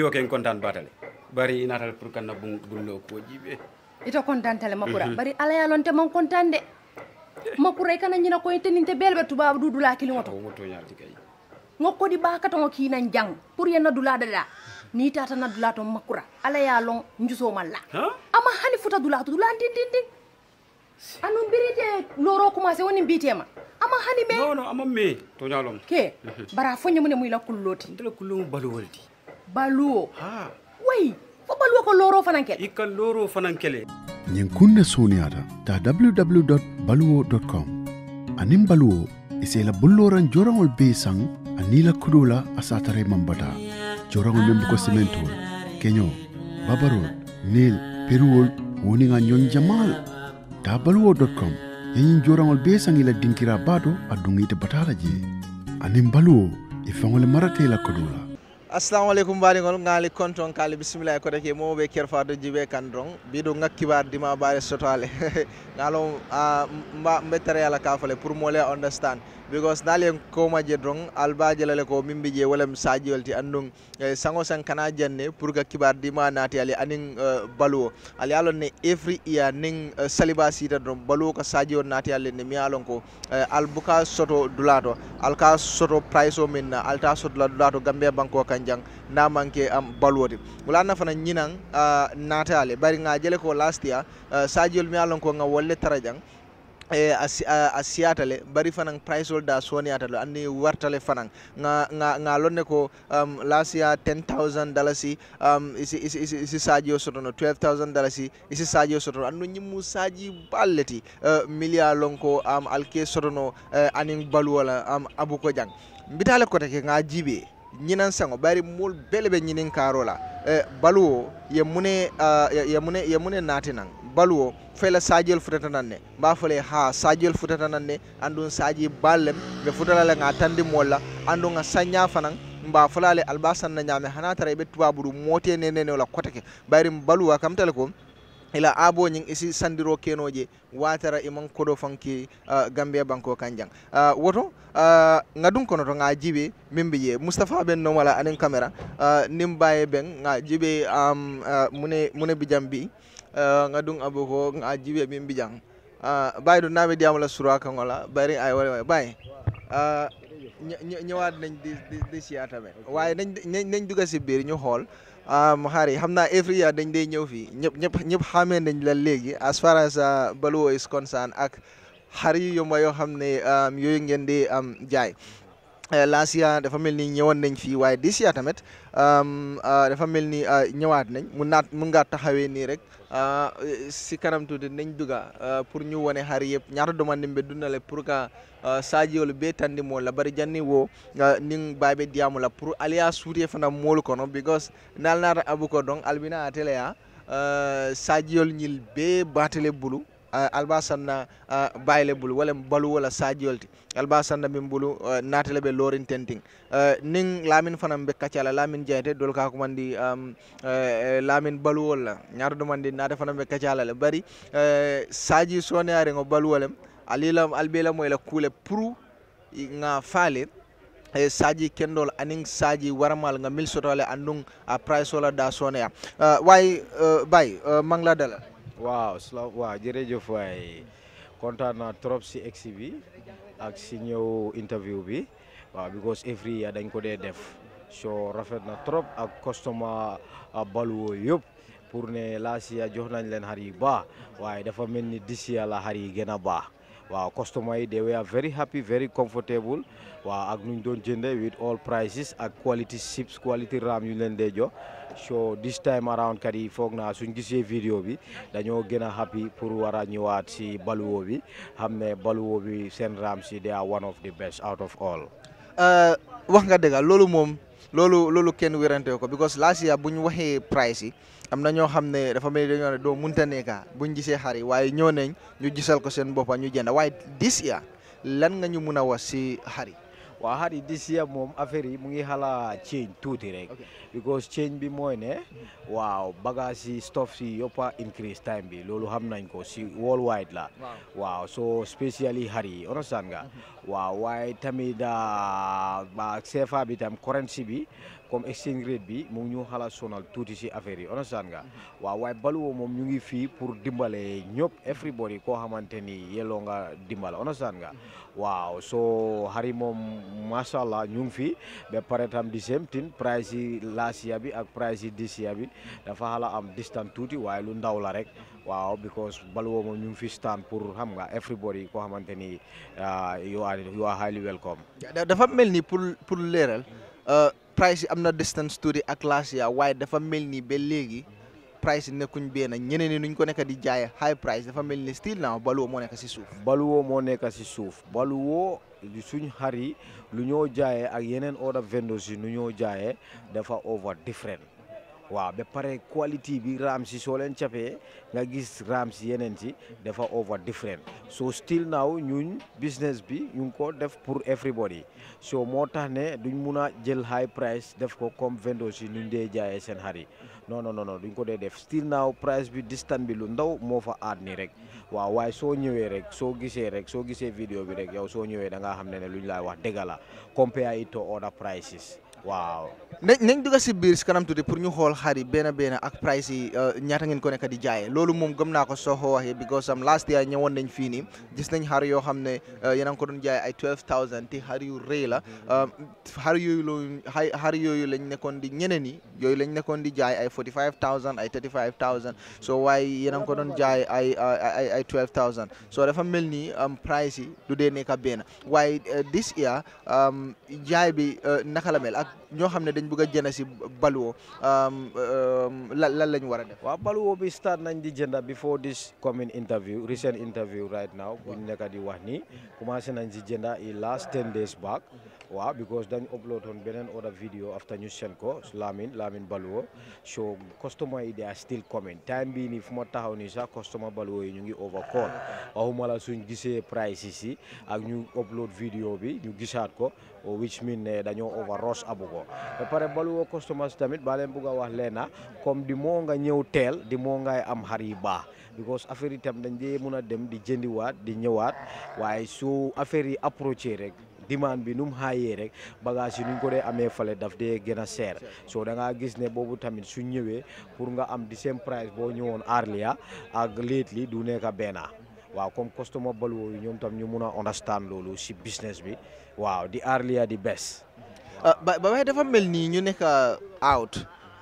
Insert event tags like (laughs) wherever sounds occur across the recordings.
biwo ken kontan batale bari inatal pour kanna gullo ko jibe ito kontantale makura mm -hmm. bari ala yalonte man kontande makura kana nyina ko inteninte belbe tuba dudula kilingoto ngoto nyalti kay ngokko di bakata ngo kina jang pour yenna ya dula dada ni tata na dula to makura ala yalon njuso malla ama hani futa dula to dula din din din anu birite loro kuma se woni bitema ama hani me no no ama me to nyalom ke mhm. bara fonyo mune muy la kulloti ndela kullu balu waldi baluwo wey fo baluwo ko looro fanaŋ kele i ka looro fanaŋ kele ñiŋ kuŋ ne suuniyaata taa www baluwo com aniŋ baluwo i si i la bulloraŋ joraŋol bee saŋ aniŋ i la kudoo la a se a tara i maŋ bataa joraŋol meŋ buko simentol keñoo babarol neel periwol woniŋa ñoŋ jamaal taa baluwo com yeñiŋ joraŋol bee saŋ i la dinkira baato to a duŋ ite bataa la jee aniŋ baluwo i faŋo le marata i la kudoo la assalamu aleykum mbaɗigol gaali konton kaali bisimilla e kotake mowoɓe kerfade djibe kan don mbiɗo ngakkibar dima baare sotale (laughs) ngaalom ah, mbettere ala kafale pour mole understand because naliyen komaje dron albaje lale ko mimbi je walam sajiwalti andun eh, sango san kana janne pour que kibar dima nati ali anin eh, baluwo ali alon ne every year nin saliba eh, sita dron baluwo ko sajiwon nati ali ne alon ko albuka soto dulato alka soto price o min alta soto la dulato gambe banko kanjang na manke am di wala na fana nyinan nati ali bari nga jele ko last year sajiwol alon ko nga wolle tarajang e a siyatale bari fanan price wol da soniyatale anni wartale fanan nga nga nga lonne ko um, lasiya 10000 dalasi um, isi isi isi, isi saji sotono 12000 dalasi isi saji sotono anno nyimmu saji balleti uh, eh, milia lonko am um, alke sotono uh, eh, anin balu wala am um, abuko jang mbitale kote ke nga jibe ñinan sango bari mul bele be karola e eh, baluwo ye mune uh, ye mune ye mune natinan baluwo fela sajel futata nanne fele ha sajel futata nanne andun saji ballem be futalale nga ngatande molla andun nga sanya fanan mba fulale albasan na nyame tare be tubaburu mote ne wala kotake bayrim baluwa kam ko ila abo ñing isi sandiro kenoje watara iman kodo fanki uh, gambia banko kanjang uh, woto uh, ngadun kono to ngajibe jibe ye mustafa ben no wala anen camera uh, nimbaye ben ngajibe um, uh, mune mune bijambi Eh, nga dung aboko nga jibe min bijang ah, bay do nabe diam la sura kan bari ay wala bay ñëwaat nañ di di siyaa waaye nañ nañ dugg si biir ñu xool xaar yi xam naa every dañ dee ñëw fii ñëpp ñëpp ñëpp xamee nañ la léegi as far as ah, Baluwo is concerned ak xar yu yomba ah, yoo xam ne yooyu ngeen di am jaay last year dafa mel ni ñëwoon nañ fii waaye this year tamit dafa mel ni ñëwaat nañ mun naat mun ngaa taxawee nii rek si kanam tuuti nañ duga pour ñu wane xar yëpp ñaata domandin be dundale pour que sajiyolu be tandi mo la bari janni wo ning babe diamu la pour aliya suute fana moolu kono because nal naata abu ko donc albina atele ya sajiyol ñil be baatale bulu albasan na bayle bulu wala balu wala sajiyolti alba sanda min bulu uh, eh, lebe lorin tenting tin eh, uh, lamin fanam ɓe kaccala lamin jete dol ka mandi. um, uh, eh, lamin baluwol la ñato ɗumandi nate fanam be kaccala le bari uh, saji soneyare o baluwolem alilam moy la kuule pour nga faale e saji kendol aning saji warmal nga mil sotole andung a price wala da soneya uh, way bay mangla dala waaw waaw jere jof way naa trop si exi ak si ñëw interview bi waaw because every year dañ ko dee def so rafet na trop ak customer ah, baluwo yëpp pour ne last year jox nañ leen xar yi baax waaye dafa mel ni this year la xar yi gën a baax waaw customer yi they were very happy very comfortable waaw ak nuñ doon jënde with all prices ak quality chips quality ram yu leen dee jox so this time around kat yi foog naa suñ gisee vidéo bi dañoo gën a happy pour war a ñëwaat si baluwo bi xam ne baluwo bi seen raam si they are one of the best out of all. Uh, wax nga dëgg loolu moom loolu loolu kenn wérante ko because last year bu ñu waxee price yi am na ñoo xam ne dafa mel ni dañoo ne doo munta nekka buñ gisee xar yi waaye ñoo neñ ñu gisal ko seen boppa ñu jënd waaye this year lan nga ñu mun a wax si xar waa xar yi this moom affaire yi mu ngi xala change tuuti rek because change bi mooy ne waaw bagage yi stuff si yoppa increase time bi loolu xam nañ ko si worldwide la waaw so spécially xar yi understand nga mhm. waaw waaye tami ah, ba CFA bi tam currency bi comme exchange rate bi moom ñu xala sonal tuuti si affaire yi understand nga mhm. waaw waaye Baluwo moom ñu ngi fii pour dimbale ñëpp everybody koo xamante ni yelloo nga dimbal understand nga mhm. waaw soo xari moom macha allah ñu ngi fi ba pare tam di same thing price yi last year bi ak price yi this year bi dafa xala am distance tuuti waaye lu ndaw la rek mhm. waaw because Baluwo moom ñu ngi fi stand pour xam nga everybody koo xamante ni uh, you are highly welcome dafa mel ni pour pour uh, price yi am na distance tuuti ak last year waaye dafa mel nii ba léegi price yi nekkuñ benn ñeneen ñi nuñ ko nekk di jaay high price dafa mel ni still now Baluwo moo nekk si suuf. Baluwo moo nekk si suuf Baluwo suñ xar yi lu ñoo jaayee ak yeneen other vendors yi nu ñoo jaayee dafa over different. waaw be pare quality bi raam si soo leen capee nga gis raam si yeneen si dafa over different so still now ñun business bi ñu ngi ko def pour everybody so moo tax ne duñ mun a jël high price def ko comme vendors si ñu dee jaayee seen xar yi no non non duñ ko dee def still now price bi distance bi lu ndaw moo fa aat nii rek waaw waaye soo ñëwee rek soo gisee rek soo gisee vidéo bi rek yow soo ñëwee da ngaa xam ne ne luñ laay wax dëgg la compare it to other prices waaw nañ nañ dugg si biir si kanam tuuti pour ñu xool xar yi benn benn ak price yi euh, ñaata ngeen ko ne di jaayee loolu moom gëm naa ko soo ko waxee because am um, last year ñëwoon nañ fii nii gis nañ xar yoo xam ne euh, yéen a ngi ko doon jaayee ay 12000 te xar yu rëy la euh, xar yooyu loolu xar yooyu lañ nekkoon di ñeneen yi yooyu lañ nekkoon di jaay ay 45000 ay 35000 soo waaye yéen a ko doon jaay ay ay ay 12000 soo dafa mel ni um, price yi du dee nekk benn waaye this year um, jaay bi naka la mel ñoo xam ne dañ bëgg a jënd si Baluwo um, um, lan lan la war a def. waaw Baluwo bi start nañ di jënda before this commune interview recent interview right now bu ñu nekk di wax nii commencé nañ si jënda i last ten days back. waaw because dañu upload on beneen other video after ñu seen ko Lamin Lamin Baluwo so customer yi they are still coming time bii nii fu ma taxaw nii sax customer Baluwo yi ñu ngi overcall waxuma la suñ gisee prices yi ak ñu upload video bi ñu gisaat ko which mean ne dañoo over rush abu ko ba pare Baluwo customers tamit baa leen buga a wax leena comme di moo nga ñëw teel di moo ngay am xar yi because affaire yi tam dañ dee mun a dem di jëndiwaat di ñëwaat waaye su affaire yi approché rek demande bi nu mu xaayee rek bagage yi nu ko dee amee fale daf dee gën a seer so da ngaa gis ne boobu tamit su ñëwee pour nga am di same price boo ñëwoon earlier ak lately du nekk benn waaw comme customer baluwo yi ñoom tam ñu mun a understand loolu si business bi waaw di earlier di bes ah, ba waaye dafa mel nii ñu nekk out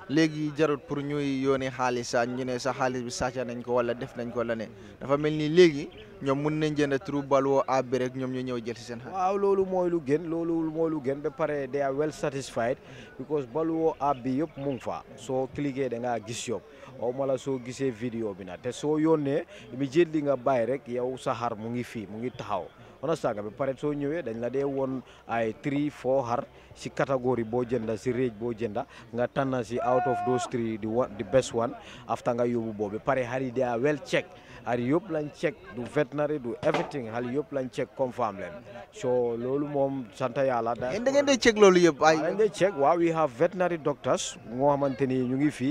léegi jarut pour ñuy yónnee xaalis sa ñu ne sa xaalis bi sàcc nañ ko wala def nañ ko la ne dafa mel ni léegi ñoom mun nañ jënd trou balwo ab bi rek ñoom ñu ñëw jël seen xaalis. waaw loolu mooy lu gën loolu mooy lu gën ba pare they are well satisfied because balwo ab bi yëpp mu ngi fa soo cliquer da ngaa gis yóbbu aw mala la soo gisee vidéo bi na te soo yónnee immediately nga bàyyi rek yow saxaar xar mu ngi fii mu ngi taxaw. on saga be pare so ñewé ya, dañ la dé won ay 3 4 har si category bo jënda si rage bo jënda nga tanna si out of those three the one the best one after nga yobu bo be pare hari dia ah, well check, hari yop lañ check du veterinary du everything hari yop lañ check confirm len so lolu mom santa yalla da en da ngeen check lolu yep ay dañ ngeen check wa we have veterinary doctors mo xamanteni ñu ngi fi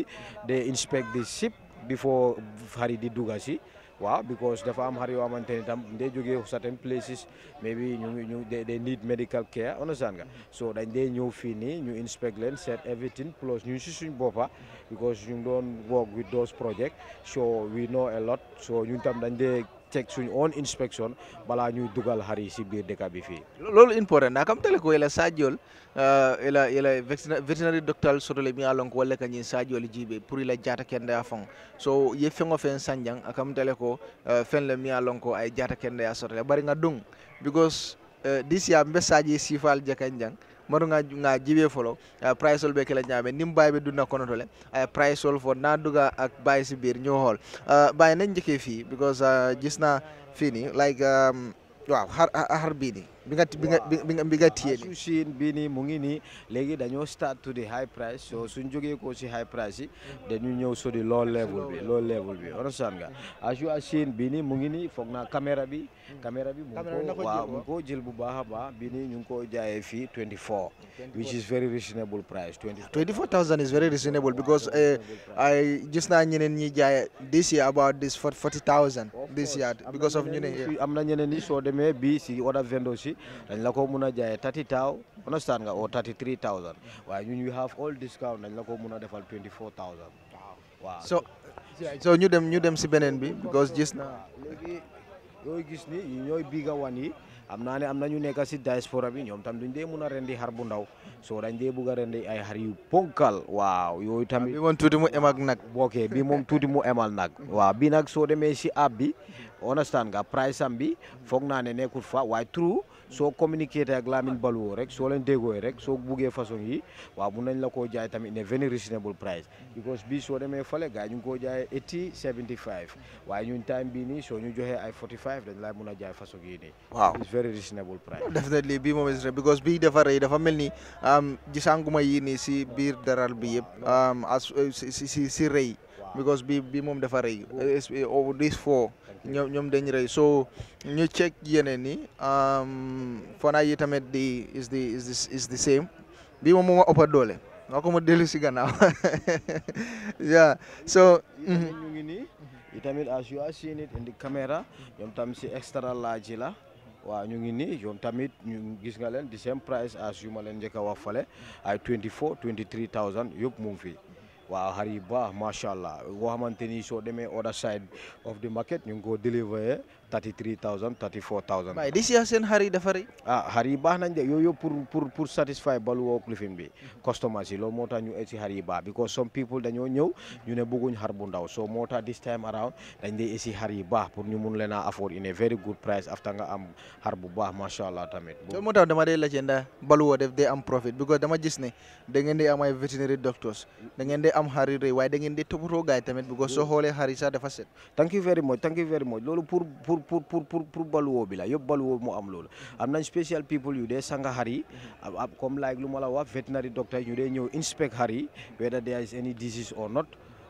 they inspect the ship before hari di dugasi waaw because dafa am hari yoo xamante ne tam day jógee certain places maybe ñu ñu they need medical care understand nga so dañ they ñëw fini, nii ñu inspect leen set everything plus ñu si suñ boppa because ñu don't work with those project so we know a lot so ñun tam dañ dee teg suñ own inspection balaa ñuy dugal xar yi si biir dëkk bi fii. loolu important na kam tele ko ila saajol ila euh, ila veterinary doctor sotole mi alon ko walla kanyi saajol jibe pour ila jata kende ya fon so ye fengo fen sanjang akam tele ko euh, fen le mi alon ko ay jata kende ya sotole bari nga dung because euh, this year mbe saaji sifal jakanjang Maru nga ngaji jibe folo uh, price ol be kala nyaame nim be dunna kono tole uh, price ol fo duga ak bay si bir ñu hol uh, ah, bay nañ jike fi because uh, gisna fini like um, waaw har har bi ni bi nga bi nga bi nga tiye ni bi bini mu ngi ni legi dañu start to the high price so suñ joge ko ci high price dañu ñew so di low level bi low level bi understand nga as you seen bini mu ngi ni fogna camera bi Mm. caméra bi mu ko waaw mu ngi a bi nii ñu ngi ko jaayee fii 24 which is very reasonable price 24000 is very reasonable because eh, I gis naa ñeneen ñi this year about this 40000 this year because of ñu ne am na ñeneen ñi soo demee bi si other vendors si dañ a jaayee 30 taw understand nga or 33000 ñu ñu have all discount dañ la ko mun a defal 24000 waaw so so ñu dem ñu dem si beneen bi because gis naa doo gis ni yi ñooy biga wan yi am naa ne am na ñu nekk si diaspora bi ñoom tam duñ dee mun a rendi xar bu ndaw soo dañ dee bugg a rendi ay xar yu ponkal waaw yooyu tamit bi moom tuuti mu emal nag bookee bi moom tuuti mu emal nag waaw bi nag soo demee si app bi understand nga price am bi foog naa ne nekkul fa waaye true soo communiqué ak Lamine Baluwo rek soo leen déggooy rek soo buggee façon yi waaw mun nañ la koo jaay tamit ne very reasonable price because bii soo demee fale gars yi ñu ngi koo jaayee eighty seventy five waaye ñun time bii nii soo ñu joxe ay forty five dañ laa mun a jaay façon yi nii waaw it's very reasonable price definitely bii moom is because bii dafa rëy dafa mel ni um, gisanguma yii nii si biir daral bi yëpp um, as uh, si si rëy because bi bi mom dafa sp over oh, this four ñom ñom dañ so ñu check yeneen um fana yi tamit di is the is the is the same bi mom mo ëppa dole. noo mo delu ci gannaaw (laughs) yeah so mhm. ñu ngi ni itamit as you are seeing it in the camera ñom tam si extra large la wa ñu ngi ni ñom tamit ñu gis nga len the same price as yu ma len jëk wa wax fale ay 24 23000 yop mo ngi waaw xar yi baax macha allah boo xamante ni soo demee other side of the market ñu ngi ko deliver eh? 33 000 34 000. waaye di si seen xar yi dafa rëy. ah xar yi baax nañ de yooyu pour pour pour satisfy baluwoo clifin bi. Mhm. customers yi loolu moo tax ñu egg si xar yi baax because some people dañoo ñëw ñu ne bëgguñ xar bu ndaw so moo tax this time around dañ dee egg si xar yi baax pour ñu mun leen a afford in a very good price after nga am xar bu baax macha allah tamit. loolu moo tax dama dee laajte ndax baluwoo def day am profit because dama gis ne da ngeen di am ay veterinary doctors da ngeen di am xar yu rëy waaye da ngeen di toppatoo gaay tamit because soo xoolee xar yi sax dafa set. thank you very much thank you very much loolu pour pour pour pour pour pour pour baluwoo bi la yëpp baluwoo mu am loolu mm-hmm. am nañ special people yu dee sanga xar mm-hmm. comme like lu ma la wax veterinary doctor ñu dee ñëw inspect xar yi whether there is any disease or not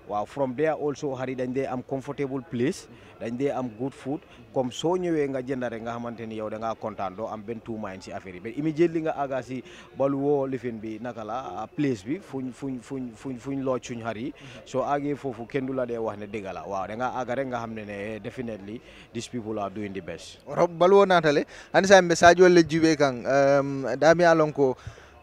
waaw from there also xari dañ dee am comfortable place dañ dee am good food comme soo ñëwee nga jënd rek nga xamante ni yow da ngaa kontaan doo am benn two mind si affaire yi mais immediately nga àgga si baluwoo lifin bi naka la ah, place bi fuñ fuñ fuñ fuñ fuñ looj suñ xar yi soo àggee foofu kenn du la dee wax ne dëgg la waaw da ngaa àgga nga xam ne ne definitely these people are doing the best baluwo naatale ani sa mbe sadio le jibe kan um, dami alonko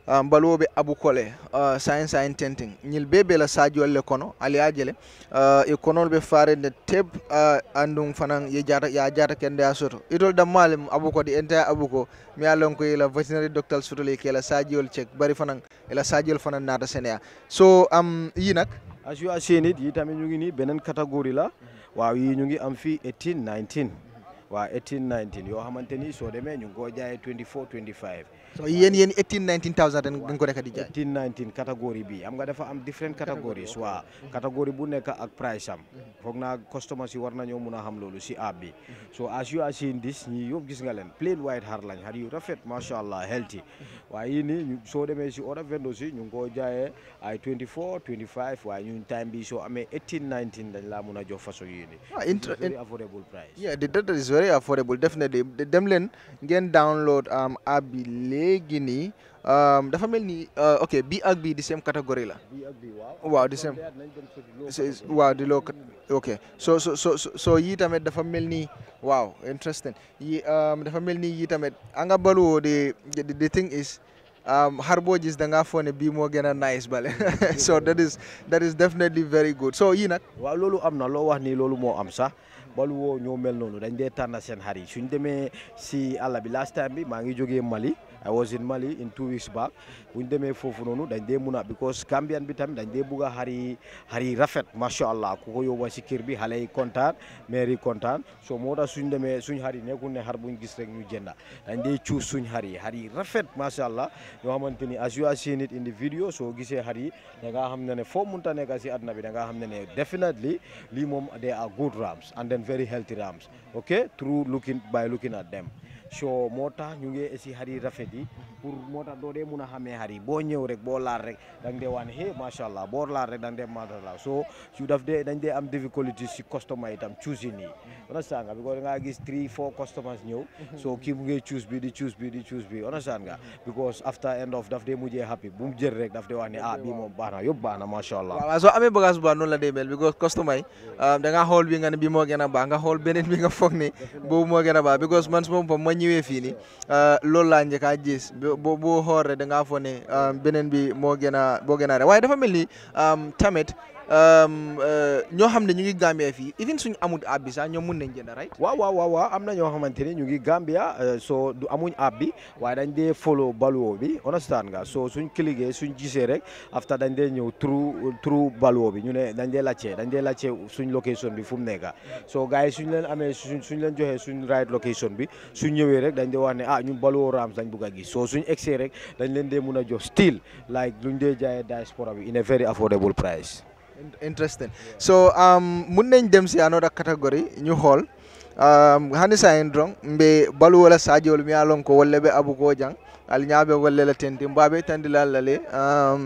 Ah, mbaluwoɓe abukole uh, ah, sain sain tenten ñil be bela sadio le kono ali ajele uh, e konolɓe farende teb uh, andum fanan ye jata ya jata kende a soto itol dammale abuko di enta abuko mi alon ko ila veterinary doctor sotole ke la sadiol cek bari fanan ila sadiol fanan nata senea so am um, yi nak asu you are seeing it ñu ngi ni benen category la mhm. waaw yi ñu ngi am fi 18 19 waa 18 19 yoo xamante ni soo demee bu nekk ak price am. foog naa customers yi war nañoo si app bi. so as you are seeing this ñii yëpp gis nga plain white xar lañ xar yu rafet macha allah healthy. waaye yii nii soo demee si other vendors yi ñu ngi koo jaayee ay 24 25 waaye ñun time bi soo amee 18 19 laa mun a jox façon yii nii. waaw ah, price. very affordable definitely dem leen ngeen download um, app bi léegi um dafa mel uh, ok bii ak bii di same category, la Wow, the same Wow, the local. ok so so so so yii tamit dafa the family. Wow, interesting yi um, dafa mel ni yii anga baluwoo de the thing is um boo gis da ngaa foo ne bii moo a nice bale (laughs) so that is that is definitely very good so yii nak. waaw loolu am na loo wax nii loolu moo am sax baluwoo ñoo mel noonu dañ dee tànn seen xar yi suñ demee si àll bi last time bi maa ngi jógee Mali I was in Mali in two weeks back bu ñu demee foofu noonu dañ de mun a because Gambian bi tamit dañ dee bugg a xari xari rafet macha allah ku ko yóbba si kër bi xale yi kontaan maire yi kontaan so moo tax suñ demee suñ xar yi nekkul ne xar buñ gis rek ñu jënda dañ dee cuus suñ xar yi xar yi rafet macha allah yoo xamante ni as you are seeing it in the video soo gisee xar yi da ngaa xam ne ne foo munta nekk si àdduna bi da ngaa xam ne ne definitely li moom they are good rams and then very healthy rams okay through looking by looking at them so moo tax ñu ngi si xar yi rafet moo tax doo dee mun a xamee xar boo ñëw rek boo laal rek da dee wax ne hey macha allah boo laal rek da dee macha allah so su daf dee choosing yi understand nga because after end of daf dee mujjee happy bu mu rek daf dee wax ne ah bii moom baax na yëpp baax allah waaw soo amee bagage bu la dee mel because customer yi um, da nga xool bi nga ne bi moo gën a baax nga xool beneen bi nga foog ne boobu moo gën a baax because man su ma ñëwee fii nii euh, loolu laa njëkk a gis boo boo xool rek da ngaa foog euh, beneen bi moo gën a boo gën a waaye dafa mel ni euh, tamit. Ehm, eh, ñoo xam ne ñu ngi Gambia fii even suñu amut app sax ñoom mun nañ jënd right waaw waaw waaw waaw am na ñoo xamante ne ñu ngi Gambia eh, soo du amuñ abbi bi waaye dañ dee follow Baluwo bi understand ga so suñ cliquer suñ gisee rek after dañ dee ñëw trou trou Baluwo bi ñu ne dañ dee laajte dañ dee laajte suñ location bi fu mu nekk soo gars yi suñ leen amee suñ suñ leen joxee suñ right location bi suñ ñëwee rek dañ dee wax ne ah ñu Baluwo Rams dañ bugg a gis soo suñ egsee rek dañ leen dee mun a jox style like luñ dee jaayee diaspora bi in a very affordable interesting so um mun nañ dem si another category ñu xool um hani sa en drong mbe balu wala sadio mi alon ko wolle be abu ko jang al nyaabe wolle la tenti mbabe tandi la lale um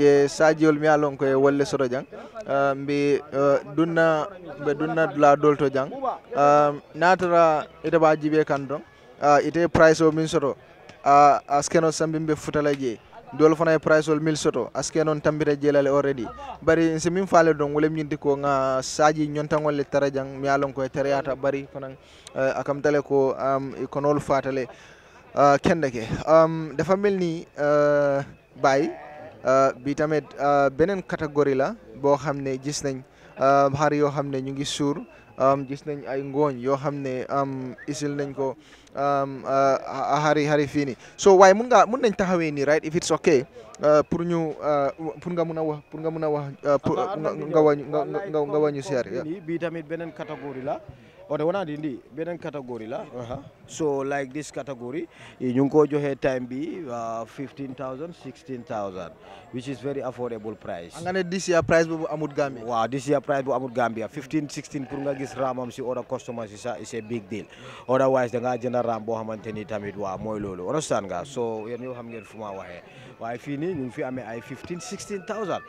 ye sadio mi alon ko e wolle soro jang um, mbe uh, dunna be dunna la dolto jang um natara ite ba jibe kan uh, ite price o min soro a uh, askeno sambimbe futala je dole fana e price ol mil soto aske noon tambita jeelale already bari so min faale ɗon wolem ñinti ko ga saji ñontagol le tara jang mi yalon koye tareyata bari fanan uh, eh, akam tale ko um, e konol fatale uh, kende ke um, dafa mel ni uh, baay uh, bi tamit uh, beneen catégorie la boo xam ne gis nañ uh, xar yoo xam ne ñu ngi suur gis nañ ay ngooñ yoo xam ne isil nañ ko xari xari fii so waaye mun nga mun nañ taxawee nii right if it's okay uh, pour ñu uh, pour nga mun a wax pour nga mun a wax uh, nga wañu nga wañu seer bii tamit beneen catégorie la o de beneen catégorie la so like this category eh, ñu ngi ko joxee time bi 15000 uh, 16000 which is very waaw pour nga gis raamam si other customers si sax is ni tamit waaw mooy loolu understand nga so yéen ñoo xam ngeen fu ma waxee waaye fii nii ñu ngi fi amee ay 15 16000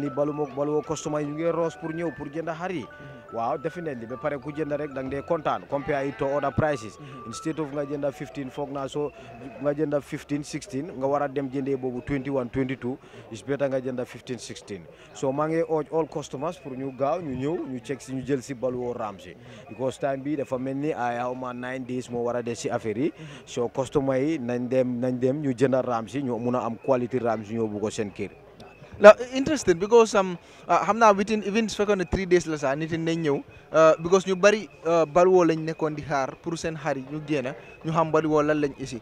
ni balu moog balu customer ñu ngi roos pour ñëw pour jënd xar yi waaw definitely ba pare ku jënd rek da nga dee kontaan compare it to other prices. instead of nga jënda 15 foog naa soo nga jënda nga war a dem jëndee boobu 21 22 is better nga jënda 15 16 so maa ngi urge all customers pour ñu gaaw ñu ñëw ñu check si ñu jël si Balwo Ram si because time bi dafa mel ni ay xaw ma 9 days moo war a des si affaire yi so customer yi nañ dem nañ dem ñu jënda ram si ñu mun a am quality ram si ñoo seen kër now interesting because um uh, xam naa within even su fekkoon ne three days la sax nit ñi nañ ñëw uh, because ñu bari uh, woo lañ nekkoon di xaar pour seen xar yi ñu génn ñu xam Barrow lan lañ isi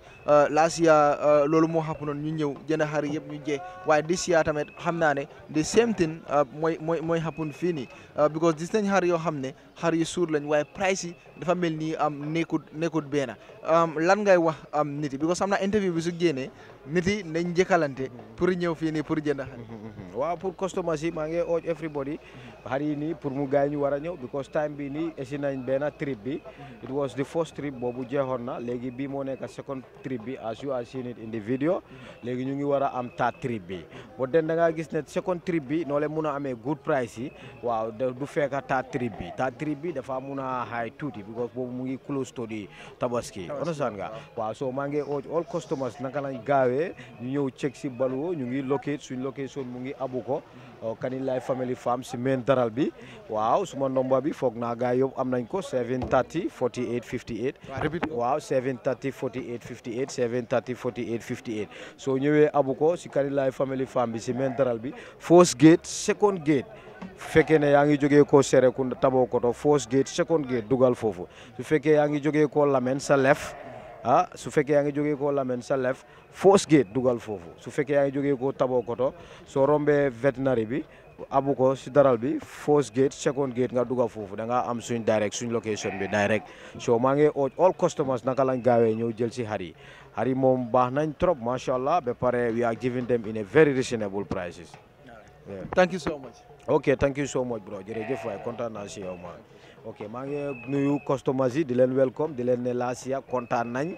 last year loolu moo xapp noonu ñu ñëw jënd xar yëpp ñu jee waaye this year tamit xam naa ne the same thing mooy mooy mooy xappun fii nii because gis nañ xar yoo xam ne xar yu suur lañ waaye price yi dafa mel nii am um, nekkut nekkut benn um, lan ngay wax am um, nit yi because xam naa interview bi su génnee niti yi nañ njëkkalante pour ñëw fi puri (laughs) pour jënd xar pour customer ci ma ngi ooj everybody hari ini pour mu gaay ñu wara ñëw because time bi ni esi nañ trip bi it was the first trip bobu jeexoon na légui bi mo nekk second trip bi as you are seen it in the video légui ñu ngi wara am ta trip bi bo den da nga gis ne second trip bi no le mëna a good price yi waaw du ta trip bi ta trip bi dafa mëna high tuti because bobu mu ngi close to di tabaski understand nga waaw so ma ngi all customers naka lañ pare ñu ñëw check si Baluwo ñu ngi locate suñ location mu ngi abu ko oh, Kanilai Family Farm si main daral bi waaw suma nomba bi foog naa ga yëpp am nañ ko 730 48 58 waaw 730 48 58 730 48 58 soo ñëwee abu ko si Kanilai Family Farm bi si main daral bi first gate second gate su fekkee ne yaa ngi jógee ko Serekunda Tabokoto first gate second gate dugal foofu su fekkee yaa ngi jógee koo Lamen sa lef ah su fekkee yaa ngi jógee koo Lamène sa lef Fosse Gate dugal foofu su fekkee yaa ngi jógee koo Tabokoto soo rombee vétérinaire bi abu ko si daral bi Fosse Gate second gate nga dugal foofu da nga am suñ direct suñ location bi direct so maa ngi oo all customers naka lañ gaawee ñëw jël si xar yi xar moom baax nañ trop macha allah ba pare we are giving them in a very reasonable prices. thank you so much. ok thank you so much bro jërëjëf waay naa si yow maa ok maa ngi nuyu customers di leen welcome di leen ne Lasia kontaan nañ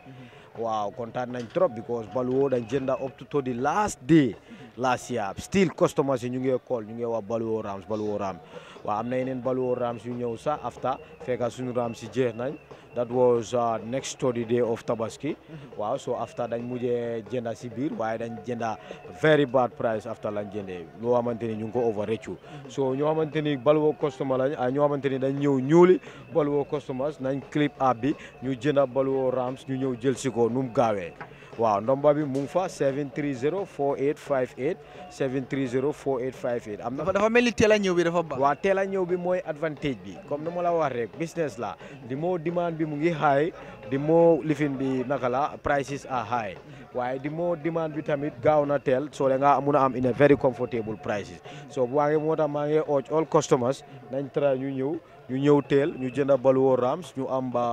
waaw kontaan nañ trop because Baluwo dañ jënda up to the last day Lasia still customers ñu ngi call ñu ngi wax Baluwo Rams Baluwo Rams waaw am na yeneen Balua Rams yu ñëw sax afta a suñu Rams yi jeex nañ that was next study day of Tabaski waaw so afta dañ mujjee jënda si biir waaye dañ jënda very bad price afta lañ jëndee loo xamante ni ñu ngi ko overrechu so ñoo amante ni Balua customer lañ ñoo amante ni dañ ñëw ñuuli Balua customers nañ clip app bi ñu jënda Balua Rams ñu ñëw jël si ko nu mu gaawee waaw ndomba bi mu ngi fa 730 4858 730 4858. am na fa dafa mel ni teel a ñëw bi dafa baax. waaw teel a ñëw bi mooy avantage bi comme ni la wax rek la di moo demande bi mu ngi high di moo lifin bi naka la prices are high waaye di moo demande bi tamit gaaw na teel soo leen nga mun a am in a very comfortable prices so bu waagee moo tax maa ngi urge all customers nañ tra ñu ñëw. ñu ñëw teel ñu jënd baluwo rams ñu am ba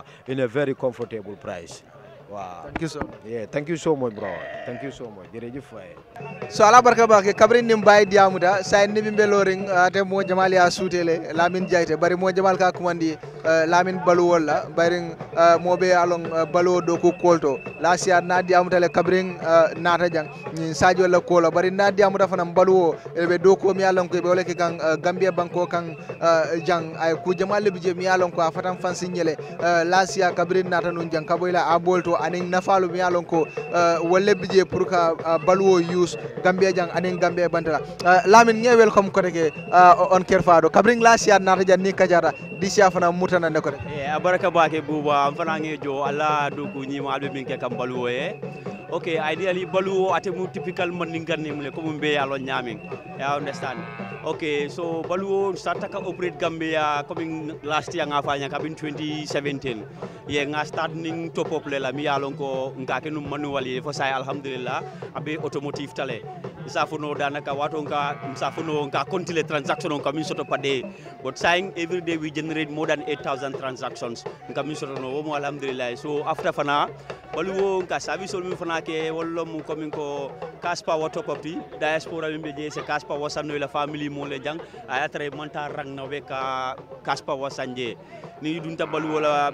uh, in a very comfortable price thank you so much yeah thank you so much bro thank you so much jërëjëf faye eh. so ala barka bake kabrin nim bayi diamuda sayin nibi belorin eh, ate mo jamal ya sutele lamin jayte bari mo jamal ka kumandi eh, lamin balu walla bari mo be alon balu do ko kolto la siya na diamuda le kabrin nata jang ni sadio la kola bari na diamuda fanam balu be do ko mi along ko be wala ke kang gambia banko kan jang ay ku jamal bi je mi alon ko afatan fansinyele la siya kabrin nata nun jang kaboyla abolto ane nafalu mi yalon ko eh, walleɓe je pour ka eh, baluwo yus gambia jang anin gambe bantala eh, lamin nge welcome kote ke on kabring la siya na jan ni kajata disiya fana mutanande kote e abaraka baake buba an fana nge jo allah doku ñima alɓe min ke kam baluwo e okay ideally baluwo atemu typical maningani mule komu mbe yalo nyamin ya understand ok so baluwo startaka operate gambia coming last year ngafanya kabin 2017 ye nga start ning top up lela mi yalon ko ngake num manual ye fo say alhamdulillah abe automotive tale misafono danaka wato nka misafono nka le transaction nka min soto pade but saying every day we generate more than 8000 transactions nka min soto no wo alhamdulillah so after fana baluwo nka sabi solmi fana ke wallo mu komin ko kaspa wato kopti diaspora min be je se kaspa wasanno la family mo le jang aya tare monta rang na be ka kaspa wasanje ni dun ta baluwo la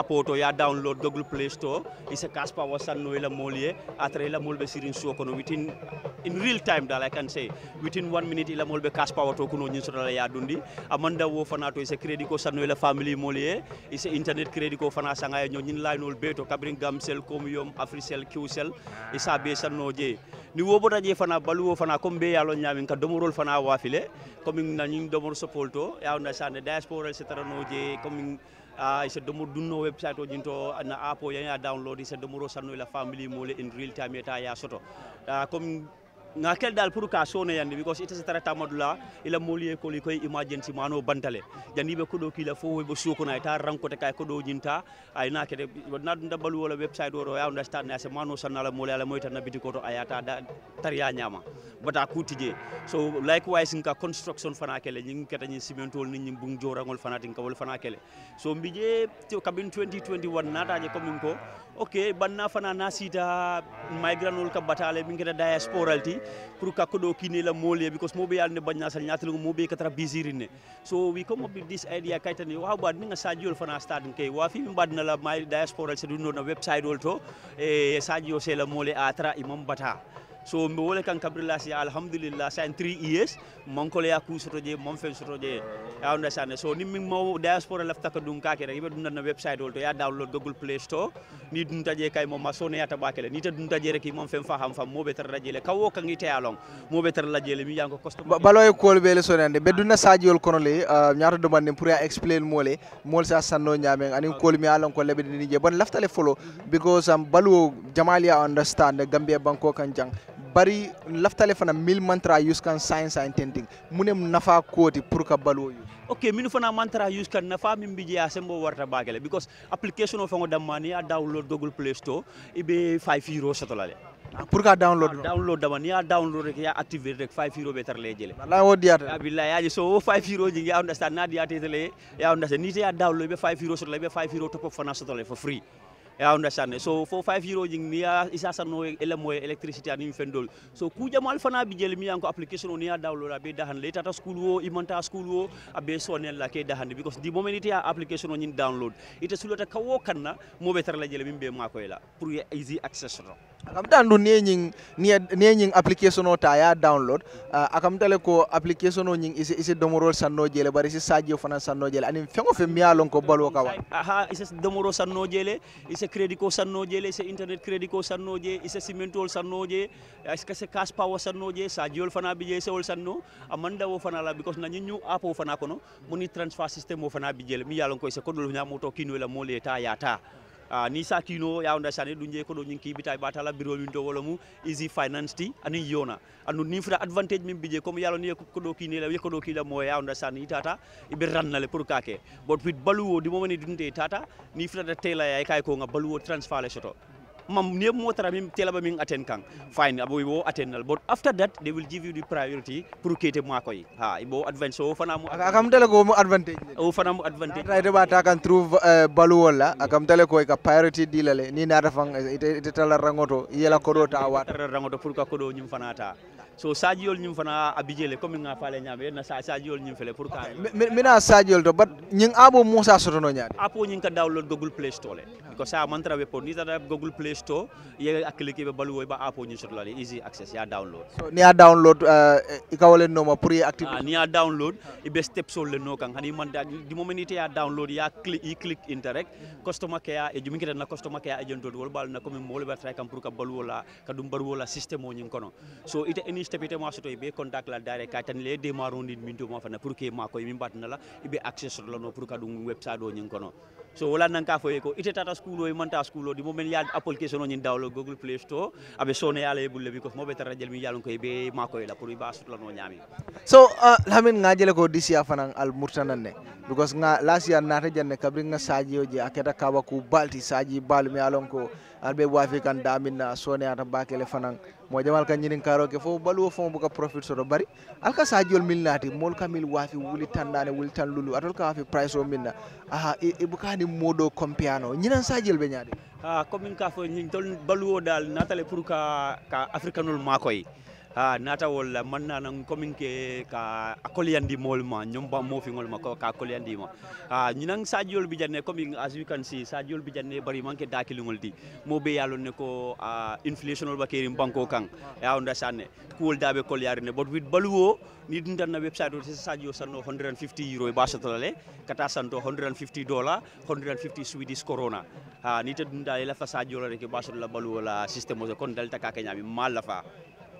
apoto ya download google play store ise kaspa no la molie atare la molbe sirin so no within in real time dal i can say within one minute ila molbe kaspa wato kuno nyin so la ya dundi amanda wo fana to ise credit ko sanno la family molie ise internet credit ko fana sanga nyon nyin laynol beto kabrin gamse sel komiyom afrisel kiwsel e saabe sannoje ni wobotaje fana baluwo fana comme ɓe yalon ñamin ka domorol fana wafile commin nañin domor sopol to yawna sane diaspora et cetera noje commin uh, isa e domo dunno website o jinto na apo yanya download isa e domo sanno e la family mole in real time eta ya soto uh, ga kel dal pour ka sone yandi because ita satara tamadula ila moliye ko koy emergency mano bantale be kodo kila fo wo sokona ita rankote kay kodo nyinta ay na kede na dum dabalu wala website woro ya understand na se mano sanala moliya la moyta na bitiko to ayata da tarya nyama bata kutije so likewise ka construction fana kele nyin kata nyin cimentol ni nyin bung jorangol fana tin ka wol fana kele so mbije kabin 2021 nata je komin ko okay banna fana nasita migrant wol ka batale min keda diaspora ti pour kakkoɗo kinela moole because moɓe yalne bañnasal ñatelgo moɓe katara bisirine so wi come up with this idea kaytane waw mbaɗ minga sadiol fana staden kay wafi min mbaɗnala ma diaspora seɗum ɗo no website ol to e eh, sadio sela moole a tara imam bata so mbe wole kan kabrilla si alhamdulillah sa en 3 years mon ko ya ku soto je mon fen soto ah. ya so ni min mo diaspora lafta ka dun ka kere ibe na website wol to ya download google play store ni dun taje kay mom ma so ne yata bakele ni ta dun taje rek mon fa faham fa mo be tar lajele kawo kan ite alon mo be tar lajele mi yango costo balo e kol be le sonande be dun na saji wol kono le nyaata ah, do bande pour ya explain mo le mol sa sanno nyaame ani ah. kol mi along ko lebe ni je bon laftale follow because am balu jamalia understand gambia banko kan jang bari laftale fana mil mantra use kan science and tending mune nafa koti pour ka balo yu ok minu fana mantra yuskan kan nafa min biji asembo warta bagale because application of damani a download google play store ibe 5 euro satolale ah, pour ka download ah, lo download dama ni download rek ya activer rek 5 euro better le jele la wo diata billahi yaji so 5 euro jingi ya understand na diata tele ya understand ni te ya download be 5 euro so le be 5 euro top up fana so tole for free ya understand so fo 5 euro jing mi ya isa sanno ele moy electricity ani fendol so ku jamal fana bi jeli mi yanko application ni ya download be dahan le tata school wo imanta school wo abe sonel la ke dahan because the moment it ya application ni download ite sulota kawo kanna mo be tar la jeli mi be makoy la pour easy access akamta ndu nenying nenying ni application o taya download download ah, akam tale ko application o nying isi isi domoro sanno jele bari isi sajio fana sanno jele anin fengo fe miya lon ko balwo ka wa aha isi domoro sanno jele isi crédit ko sanno jele isi internet crédit ko sanno je isi cimentol sanno je iska se cash power sanno je sajio fana bi je sewol sanno amanda wo fana la because nani ñu apo fana kono muni transfer system wo fana bi jele mi yalon ko isi ko dol nya moto kinwela mole ta ya ta Ah, ni satino ya sane sani jeeyi koɗo ñin kiibita e ɓatala bureau min to wala easy finance ti ani yona anu ni fota advantage min bije comme yalo ni koɗo kinela yekoɗo kiila mo onda sane tata ibe rannale pour kake bot fit baluwo dimomani dunde tata ni fotata tela yay e kay ko nga baluwo transfale soto mam ne tara mi tela ba ming attend kang fine abo ibo nal but after that they will give you the priority pour mo koy ha ibo advance wo fana mo akam tele go mo advantage wo oh, fana mo advantage try de ba ta kan trouve balu wala akam tele koy ka priority dilale ni na rafang ite tala rangoto yela do ta wat rangoto pour ka ñum fana ta so sajiyol ñim fana abijele comme nga fale ñame na sa sajiyol ñim fele pour ka okay. mina sajiyol to bat ñing abo musa soto no ñaade apo ñing ka download google play store le ko sa mantra we pour ni ta google play store ye ak cliquer be balu ba apo ñi soto le easy access ya download so ni ya download uh, eh, ikawale no ma pour ye activité ah, ni ya download ibe step sol le no kan hani man di moment ya download ya click i click interact customer care e jumi kita na customer care agent do wol bal na comme mo le ba try kam pour ka balu wala ka dum balu wala system o ñing kono so ite any tefite ma soto ɓe contact laddare ka tan leyde ma rondin min tuma fana pour que ma koye min mbatnala eɓe accès sotolano pour ka ɗum website o ñin kono so wala ka fo ko ite tata school o manta school o di mo men yal application ñin dawlo google play store abe sone yala bulle bi ko mo be tara jël mi yalon ko be mako la pour ba la no ñami so uh, lamin nga jël ko disi fanan al murtanan ne because nga last year na ta jenne kabri nga saji o je aketa kawa ku balti saji balmi alon ko albe wafi kan damin na sone ata bakele fanan mo jamal kan nyinin karo ke fo balu fo buka profit so do bari alka saji ol milnati mol kamil wafi wuli tandane wuli tan lulu atol ka wafi price o minna aha e, e bukani modo kompiano ñinan sa jël be ñaade ah comme ka fo ñi tol baluwo dal natale pour ka ka africanul makoy nata wol man na nan komin ke ka akolyandi mol ma ba mo fi ngol ma ko ka akolyandi ma ha nyinang sajol bi janne komin as you can see sajol bi janne bari manke dakil ngol di mo be yalon ne ko inflationol ba kerim banko kang ya onda sanne kuol dabe kol ne but with baluwo ni dindan na website o sajio sanno 150 euro sa e basatolale kata santo 150 dollar 150 swedish corona ha ni te dundale la fa rek ba sa la baluwo la system o kon dalta ka kenya mi mal la fa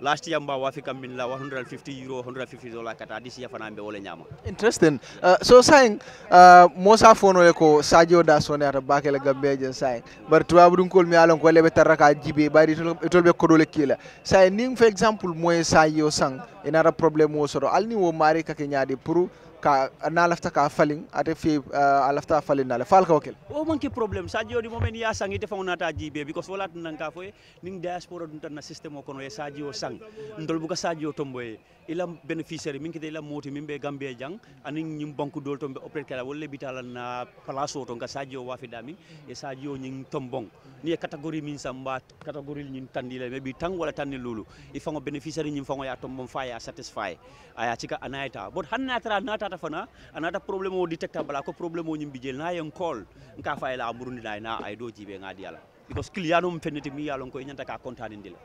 last year mba wafika minla 150 euro 150 dollar kata this year fana mbe wole nyama interesting uh, so saying uh, mosa fono le ko sadio da sone ata bakele gambe jen saying bar tuwa budun kol mi alon ko lebe taraka jibe bari tol be kodole kila saying ning for example moy sadio sang inara problem wo soro alni wo mari kake nyaade pour ka na lafta ka falin ate fi uh, a lafta falin nale fal ka wakel o manki problem sa jodi momen ya sang ite fawna ta jibe because wala tan nanka foye ning diaspora dun tan na system o kono e saji o sang ndol buka saji o tomboye ila beneficiary min kite ila moti min be gambia jang anin nyim banku dol tombe opret kala wolle bitala na place o to ka saji o wafi dami e saji o nying tombong ni e category min sa mba category nyin tandile me bi tang wala tan lulu e fango beneficiary nyim fango ya tombon fa ya satisfy aya cika anaita but hanna nata tata fana anata problème o detecta bala ko problème o ñim bijel na yen kol nka fa ila murundi na na ay do jibe ngadi yala because client um fenete mi yalon ko ñanta ka contane ndila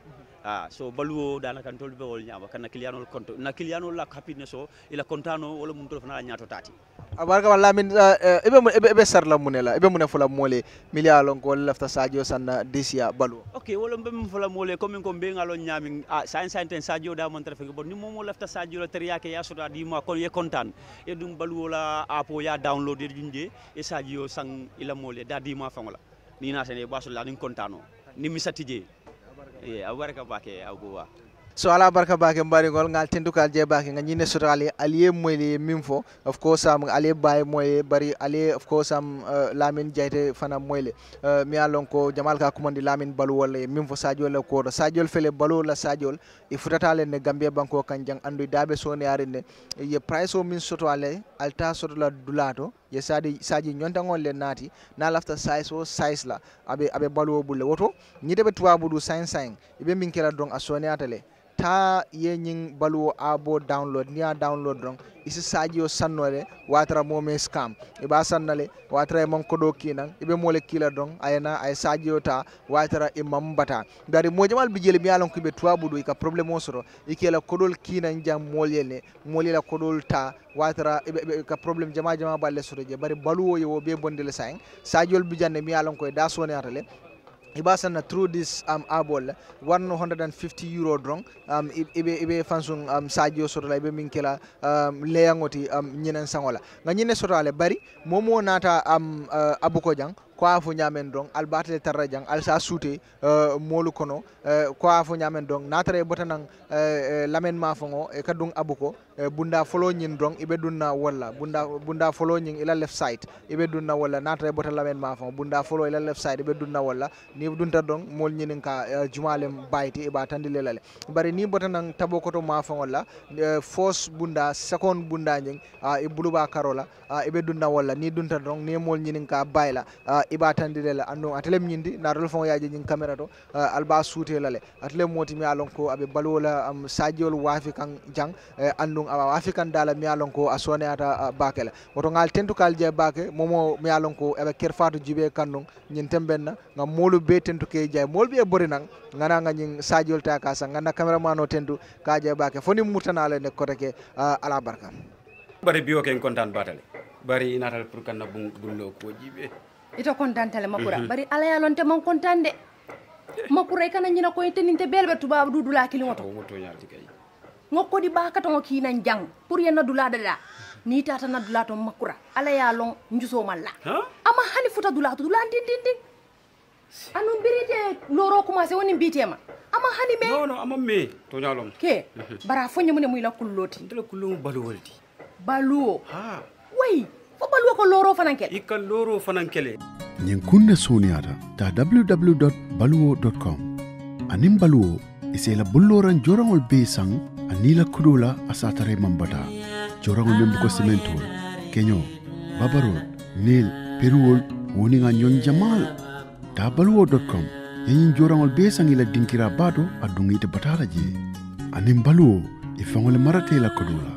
ah so baluwo dana kan tolbe wol nyama kan na client ol na client ol la happiness o ila contano wala mum tol fana nyato tati abarka lamin ibe eh, eh, mun ibe sarla munela ibe mun fula mole milia lon ko lafta sadio sanna disia balu ok wala mbem fula mole comme ko be ngalo nyami a ah, sain sain ten sadio da mon trafe bon ni momo lafta sadio la teriya ke ya soda di ma kon ye content e dum balu wala apo ya download e junje e sadio sang ila mole da di ma fangola ni na sene basul la ni contano ni misatije e abarka bake abuwa so ala barka bake mbarigol ngal tendukal je bake nga ñine sura ali aliye moyle min fo of course am ali baye moye bari ali of course am uh, lamin jayte fana moyle uh, mi alon ko jamal ka kumandi lamine balu wala min fo sadio la ko sadio fele balu la sadio e futata le ne gambia banko kan jang andu e dabe so ne ye price o min soto ale alta soto la dulato ye sadi saji ngol le naati na lafta size o size la abe abe balu o bulle woto ñide be budu du 55 ibe min kela don a soniyata ta yeñing baluwo abo download niya download rong isi saji yo watra watara me scam iba sannale watara e manko do kinan ibe mole kila dong ayana ay saji yo ta watara e mambata dari jamal bijele mi alon ko be tuwabudu ka problème o soro ikela kodol kinan jam molele la kodol ta watara ibe ka problem jama jama balle soro je bari baluwo yo be bondele saji sajol bijanne mi alon ko da ne atale na through this um abol 150 euro drong um ibe ibe fansung um sadio sotola ibe minkela um leyangoti um nyenen sangola nga nyene soto bari momo nata um uh, abuko jang ko afo ñamen dong albatale tarra jang alsa suute uh, eh, molu kono uh, eh, ko afo ñamen dong natare botanan uh, eh, lamen ma fongo e kadung abuko uh, bunda folo nyin dong ibe dunna wala bunda bunda folo nyin ila left side ibe dunna wala natare botan lamen ma fongo bunda folo ila left side ibe dunna wala ni dunta dong mol nyin ka uh, jumalem bayti e ba tandile lale bari ni botanan tabokoto ma fongo la uh, force bunda second bunda nyin e ah, buluba karola uh, ibe dunna wala ni dunta dong ni mol nyin ka bayla ah, iba tandirele annon atelem ñindi naatol fon yaji ñin caméra to eh, alba suutelale atelem moti mi alon ko aɓe balola am sadiol waafi kan jang eh, anndun awa waafi kan dala mi alon ko a soneyata eh, baake la woto ngal tentukal je baake momo mi alon ko eɓe kerfatu jibe kannun ñin tembenna ngam molu be tentuke je molɓe e bori nan gana ga ñin sadiol ta ka sa ganna caméraman o tentu ka je baake foni murtanale ne kote ke ala barka bari biwo ken contane batale bari inatal pour kanna bunlo ko jiɓe ito le makura mhm. bari ala yalonte man contande makura kana ñina koye teninte belɓe dudula du dula kiliŋo to ŋokkodi ɓa katoŋo kinan jang pour yena na dula dada ni tata na dula to makura ala ya lon njusomal la ama hani futa dula to dula ndin ndin ndin anum birite loro commencé woni mbitema ama hani me non non ama me to ñalom ke mhm. bara foñe mune muy la kulloti ndela kullu balu waldi balu ha way fana kɛlɛ i ka loorow fana kɛlɛ e. ɲin kun ne soniyata ta www baluwo com anin baluwo i se la bulloran joraŋol bee saŋ a niila kudo la a saatara i maŋ bataa joraŋol meŋ buko simentol keño babarol neel peruwol woniŋa ñoŋ jamal ta baluwo com yeñiŋ joraŋol bee saŋ i la dinkira baato a duŋ ite bataa la je aniŋ baluwo i faŋo le marata marate la kudo la